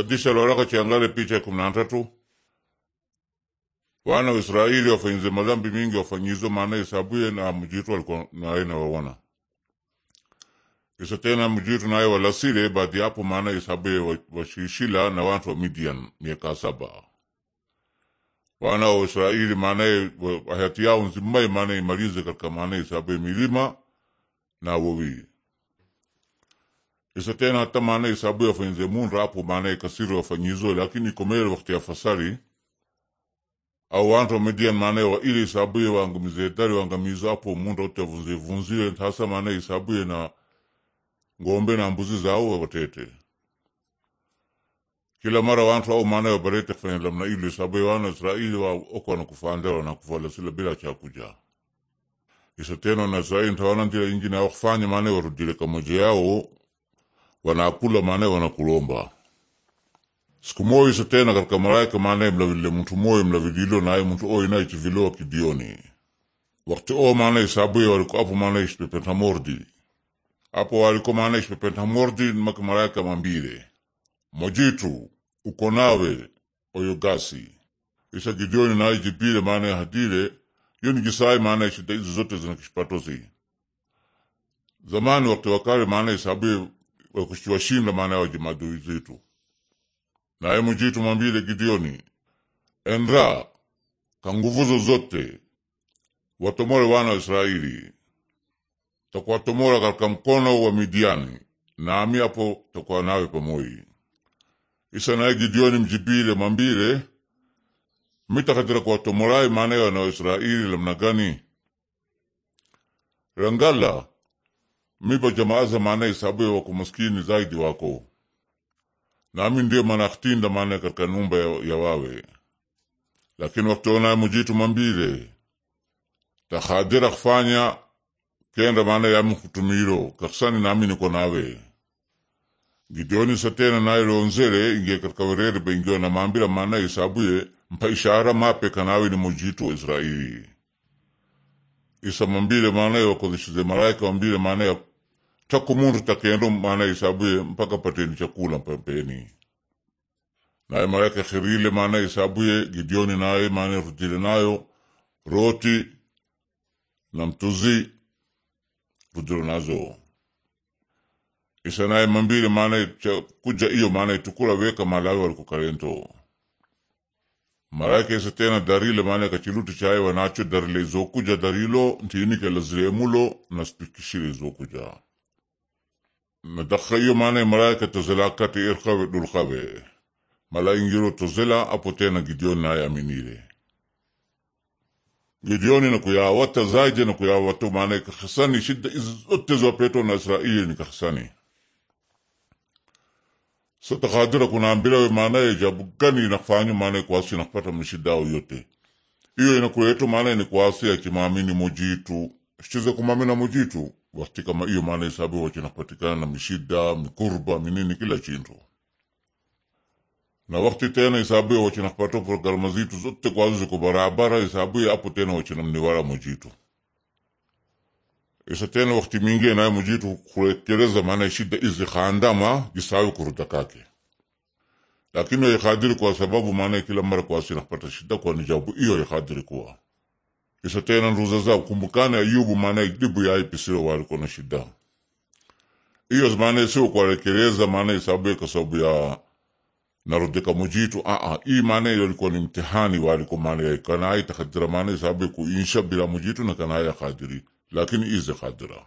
Adisha loraka chiangale picha ya kumi na tatu wana wa Israeli wafanyize madhambi mingi wafanyizo maana isabuye na mjitu alikuwa naye na wawana. isa tena mjitu naye walasile baadhi hapo maana isabuye washishila na watu wa Midian miaka saba wana wa Israeli maana hayati yao nzimai maana imalize katika maana isabuye milima na wawili. Isa tena hata maana isabu yafanyize mundu apo maana ikasiri wafanyizo lakini ikomere wakati yafasari au wantu wamedian maana wa ile isabuye waangamize dari waangamizo apo munda ote vunzi vunzile hasa maana isabuye na ngombe na mbuzi zao watete kila mara wantu au maana wabarete kufanya lamna ile isabuye wana Israeli wa oko na kufala sila bila chakuja isa tena na Israeli ntawana ndila ingine awakufanya maana warudile kamoja yao wanakula mane wanakulomba siku moyo iso tena katika malaika manae mlavile mtu moyo mlavililo naye mtu oi naye chiviloa kidioni wakati o manae sabuye waliko apo mane manae mordi apo waliko manae isipepentamordi maka malaika mambile mojitu uko nawe oyo gasi isa gidioni naye jibile manae hadile yoni gisai mane shida hizo zote zinakishipatosi zamani wakati wakale manae sabuye wakusiwashinda maana yaje madui zitu naye mujitu mwambile Gideoni endra ka nguvu zozote watomore wana wa Israeli takuwatomora katika mkono wa Midiani nami hapo takuwa nawe pamoja isa naye Gideoni mjibile mwambile mitakatira kuwatomorai maana ya na wa Israeli namna gani rangala miba jamaa isabu ya wako maskini zaidi wako nami ndio manakitinda maana katika numba ya wawe lakini wakati ona mujitu mambile takhadira kufanya kenda maana yami kutumiro kaksani nami niko nawe gidioni satena nailonzele inge katika werere bengiwa na mambila maana isabuye mpa ishara mape kanawe ni mujitu wa Israili isa mambile maana wakodishize malaika mambile maana ya chako mundu takendo maana isabuye mpaka pateni chakula pempeni naye malaika khirile maana isabuye gidioni naye maana rutile nayo roti na mtuzi rudilo nazo isa naye mambile maana kuja iyo maana itukula weka malawi walikukarento malaika isa tena darile maana kachiluti chaye wanacho darile izokuja darilo ntinikelaziremulo naspikishire izokuja Medakhayo manay malaika tozela kati irkawe e dulkawe. Malaingiro tozela apotena Gideon naye aminile. Gideoni na kuyawata zaidi na kuyawatu manay kakhsani shidda izote za na Israeli ni kakhsani. Sota kadira kunaambilawe manay jabu gani kwasi nakpata mshidao yote. Iyo inakuletu manay ni kwasi ya kimamini mujitu. Shize kumamina mujitu wakati kama hiyo maana hesabu wachinapatikana na mishida mikurba minini kila chindo na wakati tena hesabu wachinakupata programu zitu zote kwa ziko barabara hesabu apo tena wachinamniwala mujitu isa tena wakati mingi na mujitu kurekereza maana shida izi khandama gisawi kuruda kake lakini yakhadiri kwa sababu maana kila mara kwa sinapata shida kwa kwanijabu iyo yakhadiri kuwa isatena nduza zao kumbukane Ayubu maana idibu ya ipisiro waliko na shida iyo maana sio kuwarekereza maana isabu kwa sababu ya narudika mujitu a a i maana ilikuwa ni mtihani waliko maana ya kana itakadira maana isabu kuinsha bila mujitu na kana ya kadiri lakini ize kadira